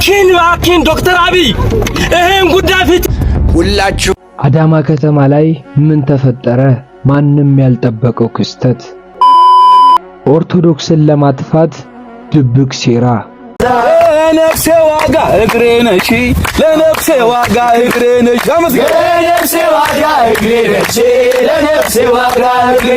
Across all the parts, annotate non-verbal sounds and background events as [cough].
እባክን እባክን ዶክተር አብይ ይህን ጉዳይ ፊት ሁላችሁ። አዳማ ከተማ ላይ ምን ተፈጠረ? ማንም ያልጠበቀው ክስተት፣ ኦርቶዶክስን ለማጥፋት ድብቅ ሴራ። ለነፍሴ ዋጋ እግሬ ነሽ፣ ለነፍሴ ዋጋ እግሬ ነች ለነፍሴ ዋጋ እግሬ ለነፍሴ ዋጋ እግሬ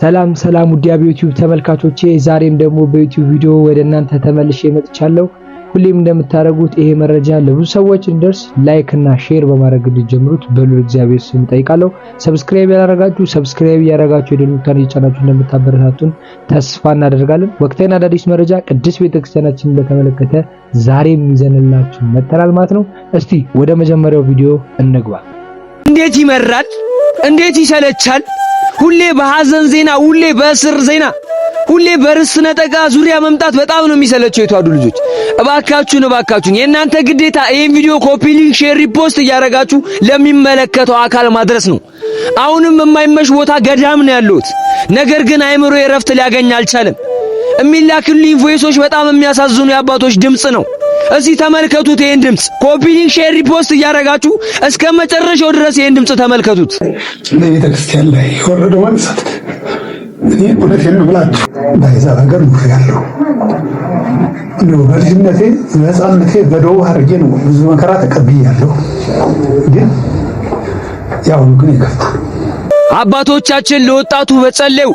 ሰላም ሰላም ውዲያ በዩቲዩብ ተመልካቾቼ፣ ዛሬም ደግሞ በዩቲዩብ ቪዲዮ ወደ እናንተ ተመልሼ መጥቻለሁ። ሁሌም እንደምታደርጉት ይሄ መረጃ ለብዙ ሰዎች እንደርስ ላይክ እና ሼር በማድረግ እንዲጀምሩት በሉል እግዚአብሔር ስም ጠይቃለሁ። ሰብስክራይብ ያላረጋችሁ ሰብስክራይብ ያረጋችሁ የደሉታን እየጫናችሁ እንደምታበረታቱን ተስፋ እናደርጋለን። ወቅታዊና አዳዲስ መረጃ ቅድስት ቤተክርስቲያናችንን በተመለከተ ዛሬም ይዘንላችሁ መጥተናል ማለት ነው። እስቲ ወደ መጀመሪያው ቪዲዮ እንግባ። እንዴት ይመራል! እንዴት ይሰለቻል! ሁሌ በሐዘን ዜና፣ ሁሌ በእስር ዜና፣ ሁሌ በርስ ነጠቃ ዙሪያ መምጣት በጣም ነው የሚሰለቸው የተዋዱ ልጆች። እባካችሁን እባካችሁን የእናንተ ግዴታ ይህን ቪዲዮ ኮፒ ሊንክ፣ ሼር፣ ሪፖስት እያደረጋችሁ ለሚመለከተው አካል ማድረስ ነው። አሁንም የማይመሽ ቦታ ገዳም ነው ያለሁት፣ ነገር ግን አይምሮ የረፍት ሊያገኝ አልቻለም። የሚላክልኝ ቮይሶች በጣም የሚያሳዝኑ የአባቶች ድምፅ ነው። እስቲ ተመልከቱት ይሄን ድምፅ። ኮፒ ሊንክ፣ ሼር፣ ሪፖስት እያደረጋችሁ እስከ መጨረሻው ድረስ ይሄን ድምፅ ተመልከቱት። ለቤተ ክርስቲያን ላይ የወረደው አንሳት እኔ እውነቴን ነው ብላችሁ ባይዛብ ሀገር ነው ያለው ነው በልጅነቴ በህፃንነቴ በደቡብ አድርጌ ነው ብዙ መከራ ተቀብያለሁ። ግን ያው ግን ይከፍታል። አባቶቻችን ለወጣቱ በጸለዩ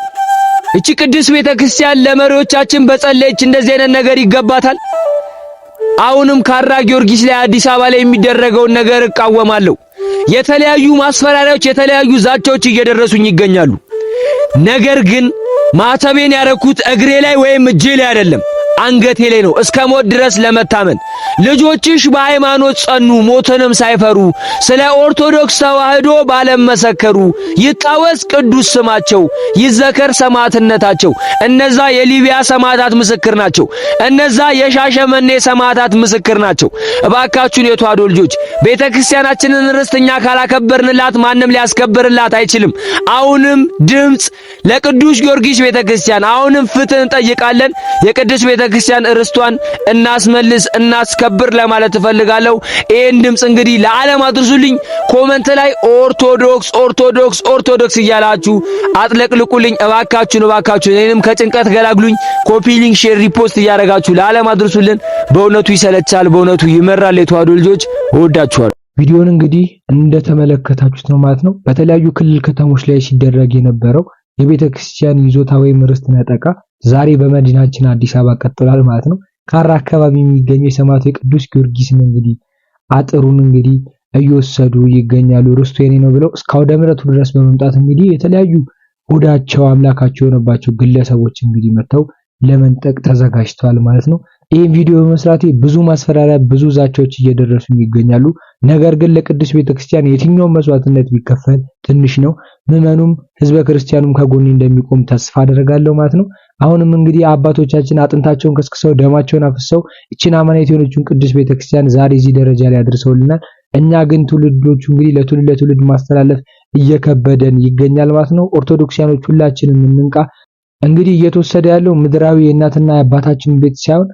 እቺ ቅዱስ ቤተ ክርስቲያን ለመሪዎቻችን በጸለየች እንደዚህ አይነት ነገር ይገባታል። አሁንም ካራ ጊዮርጊስ ላይ አዲስ አበባ ላይ የሚደረገውን ነገር እቃወማለሁ። የተለያዩ ማስፈራሪያዎች፣ የተለያዩ ዛቻዎች እየደረሱኝ ይገኛሉ። ነገር ግን ማተቤን ያረኩት እግሬ ላይ ወይም እጄ ላይ አይደለም። አንገቴ ላይ ነው እስከ ሞት ድረስ ለመታመን። ልጆችሽ በሃይማኖት ጸኑ፣ ሞትንም ሳይፈሩ ስለ ኦርቶዶክስ ተዋህዶ ባለም መሰከሩ። ይጣወስ ቅዱስ ስማቸው፣ ይዘከር ሰማዕትነታቸው። እነዛ የሊቢያ ሰማዕታት ምስክር ናቸው። እነዛ የሻሸመኔ ሰማዕታት ምስክር ናቸው። እባካችሁን የተዋሕዶ ልጆች ቤተ ክርስቲያናችንን ካላከበርንላት ማንም ሊያስከብርላት አይችልም። አሁንም ድምፅ ለቅዱስ ጊዮርጊስ ቤተ ክርስቲያን፣ አሁንም ፍትህ እንጠይቃለን። የቅዱስ ቤተ ክርስቲያን ርስቷን እናስመልስ፣ እናስከብር ለማለት እፈልጋለሁ። ይህን ድምፅ እንግዲህ ለዓለም አድርሱልኝ። ኮመንት ላይ ኦርቶዶክስ ኦርቶዶክስ ኦርቶዶክስ እያላችሁ አጥለቅልቁልኝ። እባካችሁን እባካችሁን እኔንም ከጭንቀት ገላግሉኝ። ኮፒሊንግ ሼር፣ ሪፖስት እያደረጋችሁ ለዓለም አድርሱልን። በእውነቱ ይሰለቻል፣ በእውነቱ ይመራል። የተዋሕዶ ልጆች እወዳችኋለሁ። ቪዲዮን እንግዲህ እንደተመለከታችሁት ነው ማለት ነው። በተለያዩ ክልል ከተሞች ላይ ሲደረግ የነበረው የቤተ ክርስቲያን ይዞታ ወይም ርስት ነጠቃ ዛሬ በመዲናችን አዲስ አበባ ቀጥሏል ማለት ነው። ካራ አካባቢ የሚገኘው የሰማዕቱ የቅዱስ ጊዮርጊስን እንግዲህ አጥሩን እንግዲህ እየወሰዱ ይገኛሉ። ርስቱ የኔ ነው ብለው እስካውደ ምሕረቱ ድረስ በመምጣት እንግዲህ የተለያዩ ሆዳቸው አምላካቸው የሆነባቸው ግለሰቦች እንግዲህ መጥተው ለመንጠቅ ተዘጋጅተዋል ማለት ነው። ይህን ቪዲዮ በመስራቴ ብዙ ማስፈራሪያ፣ ብዙ ዛቻዎች እየደረሱ ይገኛሉ። ነገር ግን ለቅዱስ ቤተክርስቲያን የትኛውን መስዋዕትነት ቢከፈል ትንሽ ነው። ምዕመኑም ህዝበ ክርስቲያኑም ከጎኔ እንደሚቆም ተስፋ አደርጋለሁ ማለት ነው። አሁንም እንግዲህ አባቶቻችን አጥንታቸውን ከስክሰው ደማቸውን አፍሰው እቺን አማናዊት የሆነችውን ቅዱስ ቤተክርስቲያን ዛሬ እዚህ ደረጃ ላይ አድርሰውልናል። እኛ ግን ትውልዶቹ እንግዲህ ለትውልድ ለትውልድ ማስተላለፍ እየከበደን ይገኛል ማለት ነው። ኦርቶዶክሲያኖች ሁላችንም እንንቃ። እንግዲህ እየተወሰደ ያለው ምድራዊ የእናትና የአባታችን ቤት ሳይሆን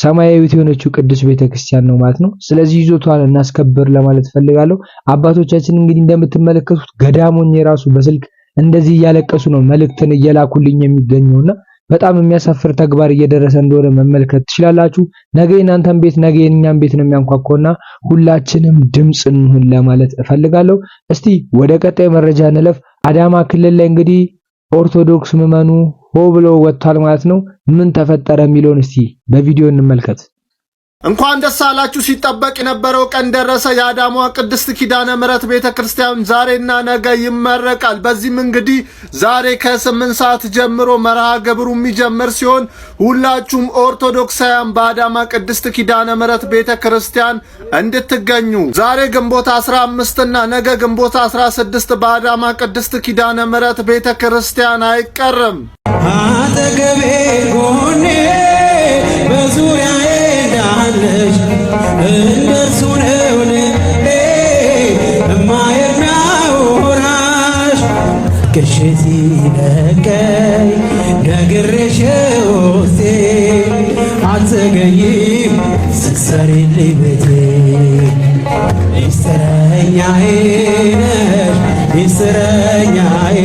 ሰማያዊት የሆነችው ቅዱስ ቤተክርስቲያን ነው ማለት ነው። ስለዚህ ይዞቷን እናስከብር ለማለት ፈልጋለሁ። አባቶቻችን እንግዲህ እንደምትመለከቱት ገዳሙን የራሱ በስልክ እንደዚህ እያለቀሱ ነው መልእክትን እየላኩልኝ የሚገኘውና በጣም የሚያሳፍር ተግባር እየደረሰ እንደሆነ መመልከት ትችላላችሁ። ነገ እናንተን ቤት ነገ የእኛን ቤት ነው የሚያንኳኳውና ሁላችንም ድምፅ እንሁን ለማለት እፈልጋለሁ። እስቲ ወደ ቀጣይ መረጃ እንለፍ። አዳማ ክልል ላይ እንግዲህ ኦርቶዶክስ ምዕመኑ ሆ ብሎ ወጥቷል ማለት ነው። ምን ተፈጠረ የሚለውን እስቲ በቪዲዮ እንመልከት። እንኳን ደስ አላችሁ! ሲጠበቅ የነበረው ቀን ደረሰ። የአዳማ ቅድስት ኪዳነ ምሕረት ቤተ ክርስቲያን ዛሬና ነገ ይመረቃል። በዚህም እንግዲህ ዛሬ ከስምንት ሰዓት ጀምሮ መርሃ ግብሩ የሚጀምር ሲሆን ሁላችሁም ኦርቶዶክሳውያን በአዳማ ቅድስት ኪዳነ ምሕረት ቤተ ክርስቲያን እንድትገኙ ዛሬ ግንቦት 15 እና ነገ ግንቦት 16 በአዳማ ቅድስት ኪዳነ ምሕረት ቤተ ክርስቲያን አይቀርም። አጠገቤ ጎኔ በዙሪያዬ ትችላለች እንደርሱ ነውን እማ የሚያወራሽ ቅሽት ይለቀይ ነግሬሽ ውስጤ አትዘገይም ስትሰሪልኝ ቤቴ ሚስጥረኛዬ ነሽ ሚስጥረኛዬ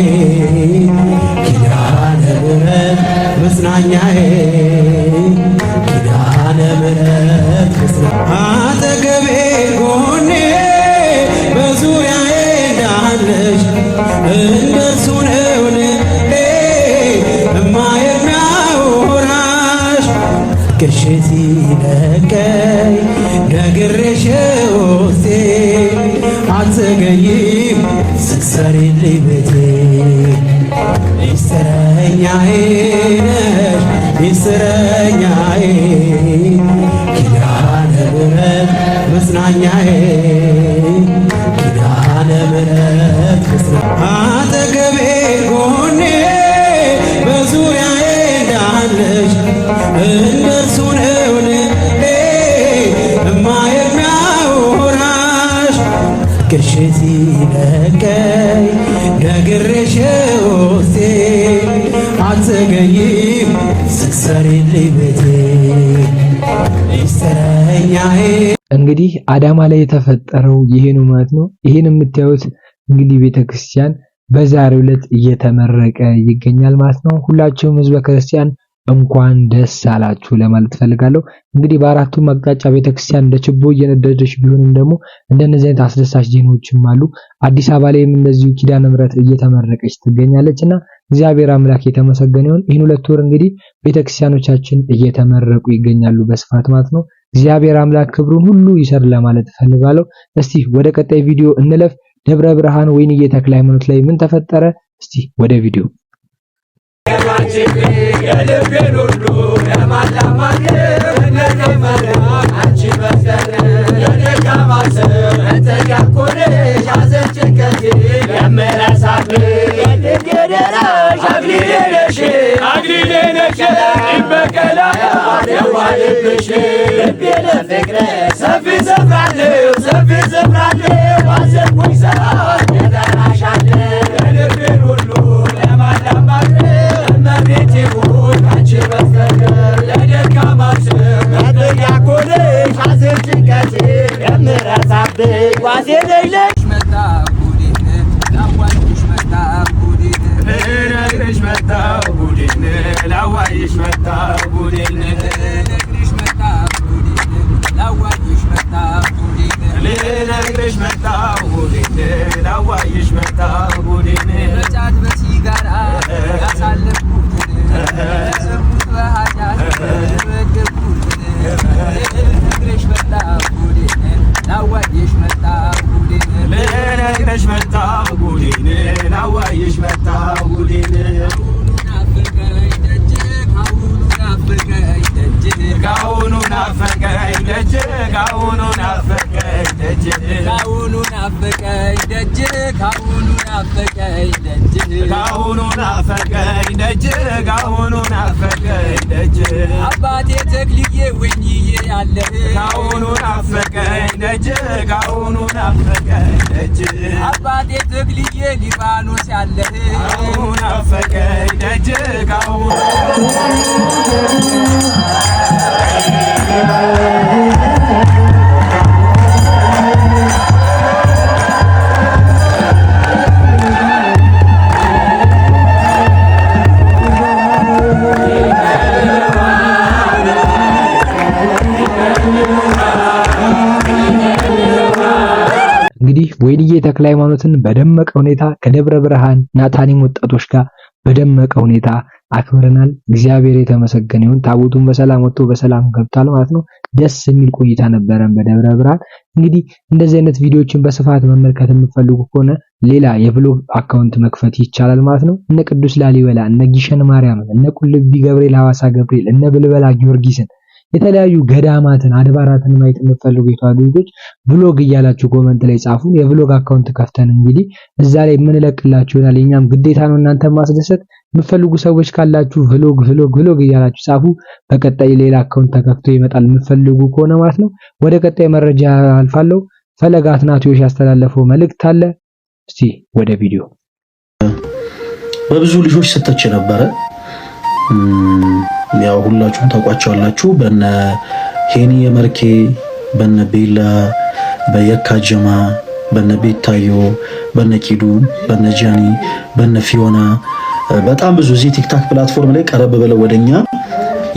ኪዳነ ምሕረት መጽናኛዬ እስረኛዬ ኪዳነ ምሕረት መጽናኛዬ ኪዳነ ምሕረት አጠገቤ ጎኔ በዙሪያዬ እንዳለሽ እንደርሱ ነውን እማ የሚያወራሽ ፍቅርሽ ሲነቀኝ ነግሬሽ ውስጤ አትዘገይም እንግዲህ አዳማ ላይ የተፈጠረው ይሄ ነው ማለት ነው። ይሄን የምታዩት እንግዲህ ቤተክርስቲያን በዛሬው ዕለት እየተመረቀ ይገኛል ማለት ነው። ሁላችሁም ህዝበ ክርስቲያን እንኳን ደስ አላችሁ ለማለት ፈልጋለሁ። እንግዲህ በአራቱም አቅጣጫ ቤተክርስቲያን እንደ ችቦ እየነደደች ቢሆንም ደግሞ እንደነዚህ አይነት አስደሳች ዜናዎችም አሉ። አዲስ አበባ ላይም እንደዚሁ ኪዳነ ምሕረት እየተመረቀች ትገኛለች እና እግዚአብሔር አምላክ የተመሰገነ ይሁን። ይህን ሁለት ወር እንግዲህ ቤተክርስቲያኖቻችን እየተመረቁ ይገኛሉ በስፋት ማለት ነው። እግዚአብሔር አምላክ ክብሩን ሁሉ ይሰር ለማለት እፈልጋለሁ። እስቲ ወደ ቀጣይ ቪዲዮ እንለፍ። ደብረ ብርሃን ወይንዬ ተክለ ሃይማኖት ላይ ምን ተፈጠረ? እስቲ ወደ ቪዲዮ አንቺ ልብሽ ልቤ ለፍቅረ ሰፊ ዘምራለሁ ሰፊ ዘምራለሁ ባዘንኩኝ ሰዓት እጠራሻለሁ ልቤን ሁሉ ለማዳማቅ እመቤቴ ሆይ አንቺ መፍቀር ለደካማ ስም መጠጊያ ኮነሽ ሐዘን ጭንቀቴ የምረሳብሽ ዋዜ ነሽ ነሽ መጣ ላዋይሽ መጣ ጉዴት ላዋይሽ መጣ ጉዴት ላዋይሽ መጣሁ ጉዴን ላዋይሽ መጣሁ ጉዴን በጫት በሲጋራ ያሳለፍኩት [laughs] የሰሙት በኃጢአት ካሁኑ ናፈቀኝ ደጅ ካሁኑ ናፈቀኝ ደጅ ካሁኑ ናፈቀኝ ደጅ አባቴ ተክልዬ ወይንዬ አለ ካሁኑ ናፈቀኝ ደጅ ካሁኑ ናፈቀኝ ደጅ አባቴ ተክልዬ ሊባኖስ ያለ ካሁኑ ናፈቀኝ ደጅ ካሁኑ ቴድዬ ተክለ ሃይማኖትን በደመቀ ሁኔታ ከደብረ ብርሃን ናታኒም ወጣቶች ጋር በደመቀ ሁኔታ አክብረናል። እግዚአብሔር የተመሰገነ ይሁን። ታቦቱን በሰላም ወጥቶ በሰላም ገብቷል ማለት ነው። ደስ የሚል ቆይታ ነበረን በደብረ ብርሃን። እንግዲህ እንደዚህ አይነት ቪዲዮዎችን በስፋት መመልከት የምትፈልጉ ከሆነ ሌላ የብሎግ አካውንት መክፈት ይቻላል ማለት ነው። እነ ቅዱስ ላሊበላ፣ እነ ጊሸን ማርያምን፣ እነ ቁልቢ ገብርኤል፣ ሐዋሳ ገብርኤል፣ እነ ብልበላ ጊዮርጊስን የተለያዩ ገዳማትን አድባራትን ማየት የምትፈልጉ የተዋሕዶ ብሎግ እያላችሁ ኮመንት ላይ ጻፉን። የብሎግ አካውንት ከፍተን እንግዲህ እዛ ላይ የምንለቅላችሁ ይሆናል። የኛም ግዴታ ነው እናንተ ማስደሰት የምትፈልጉ ሰዎች ካላችሁ ብሎግ ብሎግ ብሎግ እያላችሁ ጻፉ። በቀጣይ ሌላ አካውንት ተከፍቶ ይመጣል የምትፈልጉ ከሆነ ማለት ነው። ወደ ቀጣይ መረጃ አልፋለሁ። ፈለገ አትናትዮሽ ያስተላለፈው መልእክት አለ። እስቲ ወደ ቪዲዮ በብዙ ልጆች ስተች ነበረ ያው ሁላችሁም ታውቋቸዋላችሁ በነ ሄኒ የመርኬ በነ ቤላ በየካ ጀማ በነ ቤታዮ በነ ኪዱ በነ ጃኒ በነ ፊዮና በጣም ብዙ እዚህ ቲክታክ ፕላትፎርም ላይ ቀረብ ብለው ወደኛ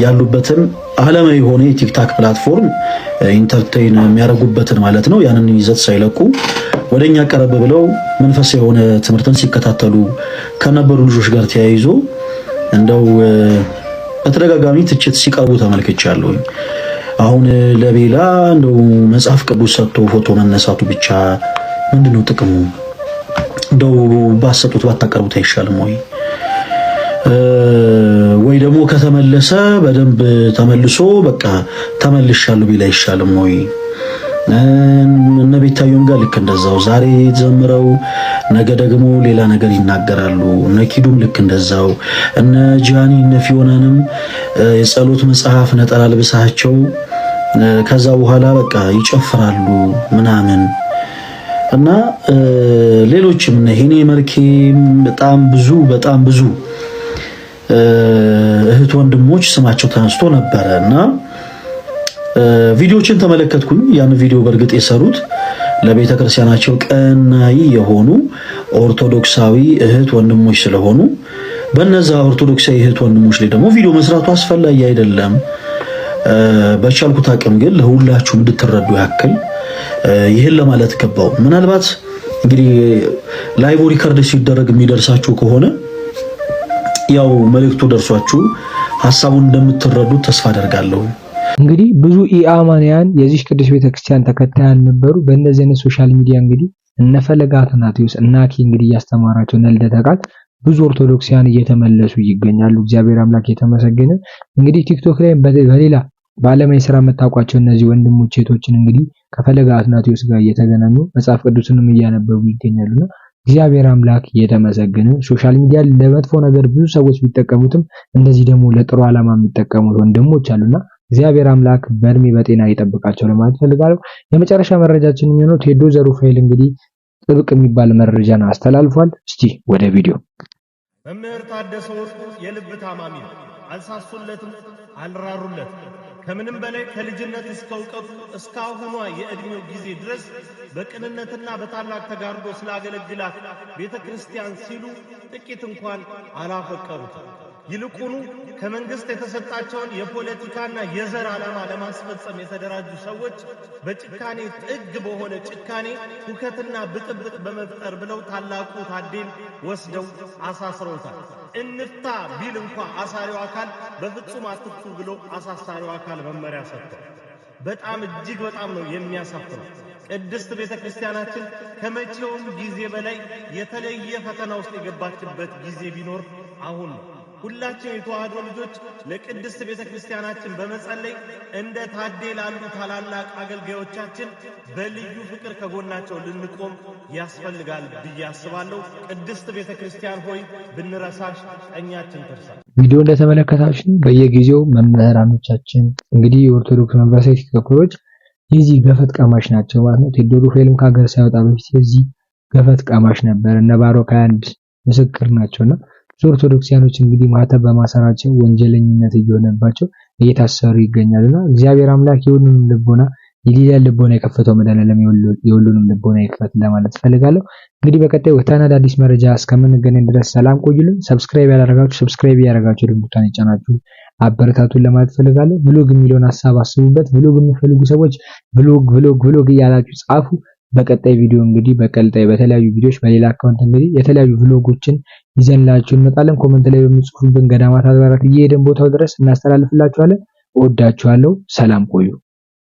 ያሉበትን አለማዊ የሆነ የቲክታክ ፕላትፎርም ኢንተርቴይን የሚያደርጉበትን ማለት ነው። ያንን ይዘት ሳይለቁ ወደኛ ቀረብ ብለው መንፈሳዊ የሆነ ትምህርትን ሲከታተሉ ከነበሩ ልጆች ጋር ተያይዞ እንደው በተደጋጋሚ ትችት ሲቀርቡ ተመልክቻለሁ። አሁን ለቤላ እንደው መጽሐፍ ቅዱስ ሰጥቶ ፎቶ መነሳቱ ብቻ ምንድነው ጥቅሙ? እንደው ባሰጡት ባታቀርቡት አይሻልም ወይ? ወይ ደግሞ ከተመለሰ በደንብ ተመልሶ በቃ ተመልሻለሁ ቢል አይሻልም ወይ? እነ ጋር ልክ እንደዛው ዛሬ ዘምረው ነገ ደግሞ ሌላ ነገር ይናገራሉ። እነ ኪዱም ልክ እንደዛው እነ ጃኒ እነ ፊዮናንም የጸሎት መጽሐፍ ነጠላ ልብሳቸው ከዛ በኋላ በቃ ይጨፍራሉ ምናምን እና ሌሎችም እነ ሄኔ መልኬም በጣም ብዙ በጣም ብዙ እህት ወንድሞች ስማቸው ተነስቶ ነበረ እና ቪዲዮችን ተመለከትኩኝ። ያን ቪዲዮ በእርግጥ የሰሩት ለቤተ ክርስቲያናቸው ቀናይ የሆኑ ኦርቶዶክሳዊ እህት ወንድሞች ስለሆኑ በነዛ ኦርቶዶክሳዊ እህት ወንድሞች ላይ ደግሞ ቪዲዮ መስራቱ አስፈላጊ አይደለም። በቻልኩት አቅም ግን ለሁላችሁ እንድትረዱ ያክል ይህን ለማለት ገባው። ምናልባት እንግዲህ ላይቭ ሪከርድ ሲደረግ የሚደርሳችሁ ከሆነ ያው መልእክቱ ደርሷችሁ ሀሳቡን እንደምትረዱት ተስፋ አደርጋለሁ። እንግዲህ ብዙ ኢአማንያን የዚህ ቅዱስ ቤተክርስቲያን ተከታይ ነበሩ። በእነዚህ አይነት ሶሻል ሚዲያ እንግዲህ እነፈለገ አትናቴዎስ እናኪ እንግዲህ እያስተማራቸው ነልደተ ቃል ብዙ ኦርቶዶክሲያን እየተመለሱ ይገኛሉ። እግዚአብሔር አምላክ የተመሰገነ። እንግዲህ ቲክቶክ ላይ በሌላ በዓለማዊ ስራ የምታውቋቸው እነዚህ ወንድሞች ሴቶችን እንግዲህ ከፈለገ አትናቴዎስ ጋር እየተገናኙ መጽሐፍ ቅዱስንም እያነበቡ ይገኛሉና እግዚአብሔር አምላክ የተመሰገነ። ሶሻል ሚዲያ ለመጥፎ ነገር ብዙ ሰዎች ቢጠቀሙትም እንደዚህ ደግሞ ለጥሩ ዓላማ የሚጠቀሙት ወንድሞች አሉና እግዚአብሔር አምላክ በእድሜ በጤና ይጠብቃቸው ለማለት ፈልጋለሁ። የመጨረሻ መረጃችን የሚሆነው ቴዶ ዘሩፋኤል እንግዲህ ጥብቅ የሚባል መረጃን አስተላልፏል። እስቲ ወደ ቪዲዮ መምህር ታደሰ ወርቁ የልብ ታማሚ ነው። አልሳሱለትም፣ አልራሩለት። ከምንም በላይ ከልጅነት እስከ እውቀቱ እስካሁኗ የእድሜው ጊዜ ድረስ በቅንነትና በታላቅ ተጋርዶ ስላገለግላት ቤተ ክርስቲያን ሲሉ ጥቂት እንኳን አላፈቀሩት። ይልቁኑ ከመንግስት የተሰጣቸውን የፖለቲካና የዘር ዓላማ ለማስፈጸም የተደራጁ ሰዎች በጭካኔ ጥግ በሆነ ጭካኔ ሁከትና ብጥብጥ በመፍጠር ብለው ታላቁ ታዴን ወስደው አሳስረውታል። እንፍታ ቢል እንኳ አሳሪው አካል በፍጹም አትፍቱ ብሎ አሳሳሪው አካል መመሪያ ሰጥቷል። በጣም እጅግ በጣም ነው የሚያሳፍረው። ቅድስት ቤተ ክርስቲያናችን ከመቼውም ጊዜ በላይ የተለየ ፈተና ውስጥ የገባችበት ጊዜ ቢኖር አሁን ነው። ሁላችን የተዋህዶ ልጆች ለቅድስት ቤተ ክርስቲያናችን በመጸለይ እንደ ታዴ ላሉ ታላላቅ አገልጋዮቻችን በልዩ ፍቅር ከጎናቸው ልንቆም ያስፈልጋል ብዬ አስባለሁ። ቅድስት ቤተ ክርስቲያን ሆይ ብንረሳሽ ቀኛችን ትርሳ። ቪዲዮ እንደተመለከታችሁ በየጊዜው መምህራኖቻችን እንግዲህ የኦርቶዶክስ መንፈሳዊ ተከታዮች የዚህ ገፈት ቀማሽ ናቸው ማለት ነው። ቴዶሮ ሄልም ከሀገር ሳይወጣ በፊት የዚህ ገፈት ቀማሽ ነበር። እነ ባሮክ አንድ ምስክር ናቸውና ኦርቶዶክሲያኖች እንግዲህ ማተብ በማሰራቸው ወንጀለኝነት እየሆነባቸው እየታሰሩ ይገኛሉና እግዚአብሔር አምላክ የሁሉንም ልቦና የሌላ ልቦና የከፈተው መድኃኔዓለም የሁሉንም ልቦና ይክፈት ለማለት ፈልጋለሁ። እንግዲህ በቀጣይ ወታና አዳዲስ መረጃ እስከምንገናኝ ድረስ ሰላም ቆዩልን። ሰብስክራይብ ያላረጋችሁ ሰብስክራይብ ያደረጋችሁ ድምቷን የጫናችሁ አበረታቱን ለማለት ፈልጋለሁ። ብሎግ የሚለውን ሀሳብ አስቡበት። ብሎግ የሚፈልጉ ሰዎች ብሎግ ብሎግ ብሎግ እያላችሁ ጻፉ። በቀጣይ ቪዲዮ እንግዲህ በቀጣይ በተለያዩ ቪዲዮዎች በሌላ አካውንት እንግዲህ የተለያዩ ብሎጎችን ይዘንላችሁ እንመጣለን። ኮመንት ላይ በሚጽፉብን ገዳማት አድባራት እየሄደን ቦታው ድረስ እናስተላልፍላችኋለን። እወዳችኋለሁ። ሰላም ቆዩ።